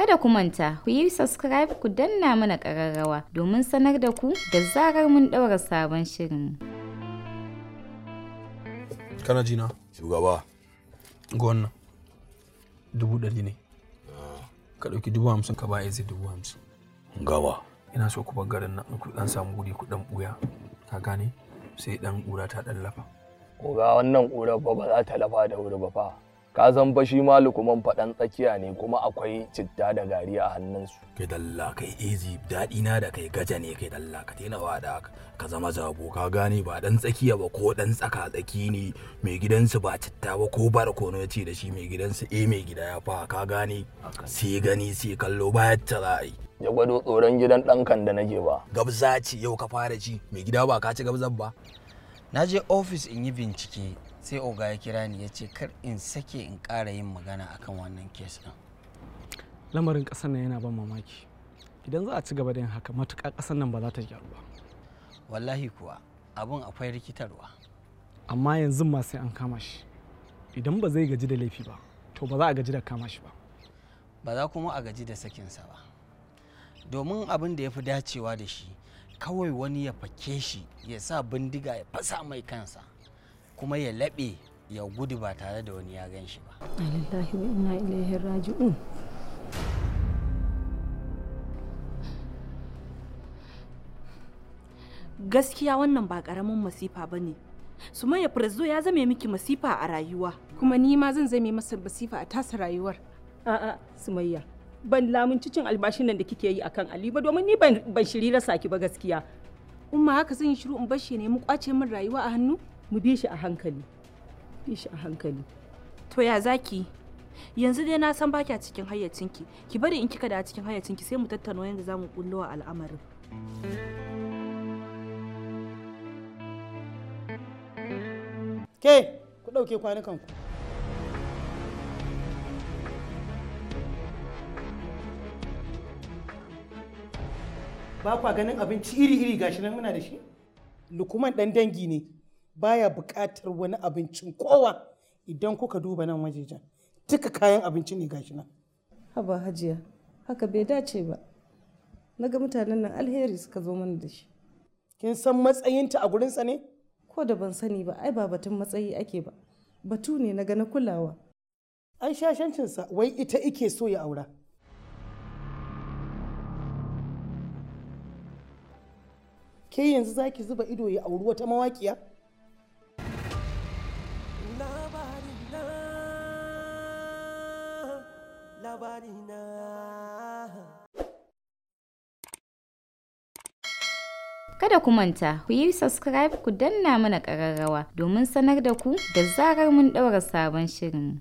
Kada ku manta, ku yi subscribe ku danna mana ƙararrawa domin sanar da ku da zarar mun ɗaura sabon shirin. Kana jina? Shugaba. Ga Dubu ɗari ne. Ka ɗauki dubu hamsin ka ba Eze dubu hamsin. Gawa. Ina so ku bar garin nan ku ɗan samu guri ku ɗan ɓuya. Ka gane? Sai ɗan ƙura ta ɗan lafa. Ko ga wannan ƙura ba za ta lafa da wuri ba fa. ka zan fa shi ma lukuman faɗan tsakiya ne kuma akwai citta da gari a hannunsu kai dalla kai ezi daɗi na da kai gaja ne kai dalla ka tena wada ka zama zabo ka gane ba dan tsakiya ba ko dan tsaka tsaki ne mai gidansu ba citta ba ko barkono ya ce da shi mai gidansu eh mai gida ya fa ka gane sai gani sai kallo ba ta yi. ya gwado tsoron gidan ɗankan da nake ba gabza ce yau ka fara ci mai gida ba ka ci gabzan ba na je ofis in yi bincike sai oga ya kira ni ya ce kar in sake in ƙara yin magana akan wannan kes ɗin lamarin ƙasar nan yana ban mamaki idan za a ci gaba da yin haka matuƙa ƙasar nan ba za ta gyaru ba wallahi kuwa abin akwai rikitarwa amma yanzu ma sai an kama shi idan ba zai gaji da laifi ba to ba za a gaji da kama shi ba ba za kuma a gaji da sakin sa ba domin abin da ya fi dacewa da shi kawai wani ya fake shi ya sa bindiga ya fasa mai kansa kuma ya laɓe ya gudu ba tare da wani ya gan shi ba. Alillahi wa inna ilaihi Gaskiya wannan ba ƙaramin masifa ba ne. Sumaya Firzo ya zame miki masifa a rayuwa. Kuma ni ma zan zame masa masifa a tasa rayuwar. A'a, Sumayya, ban lamunci cin albashin nan da kike yi akan Ali ba domin ni ban shiri rasa ki ba gaskiya. Umma haka zan yi shiru in bashi ne mu kwace min rayuwa a hannu? mu bi shi a hankali bi shi a hankali to ya zaki yanzu dai na san baki a cikin hayyacinki ki bari in kika da a cikin hayyacinki sai mu tattauna yanda za mu kullo al'amarin ke ku ɗauke kwanukanku ba kwa ganin abinci iri-iri gashi nan muna da shi lukuman ɗan dangi ne baya buƙatar wani abincin kowa idan kuka duba nan wajejen duka kayan abinci ne gashi nan haba hajiya haka bai dace ba na ga mutanen nan alheri suka zo mana da shi kin san matsayinta a gurinsa ne ko da ban sani ba ai ba batun matsayi ake ba batu ne na ga na kulawa an shashancinsa wai ita ike so ya aura ke yanzu zaki zuba ido ya auri wata mawaƙiya Kada ku manta, ku yi subscribe ku danna mana ƙararrawa domin sanar da ku da zarar mun ɗaura sabon shirin.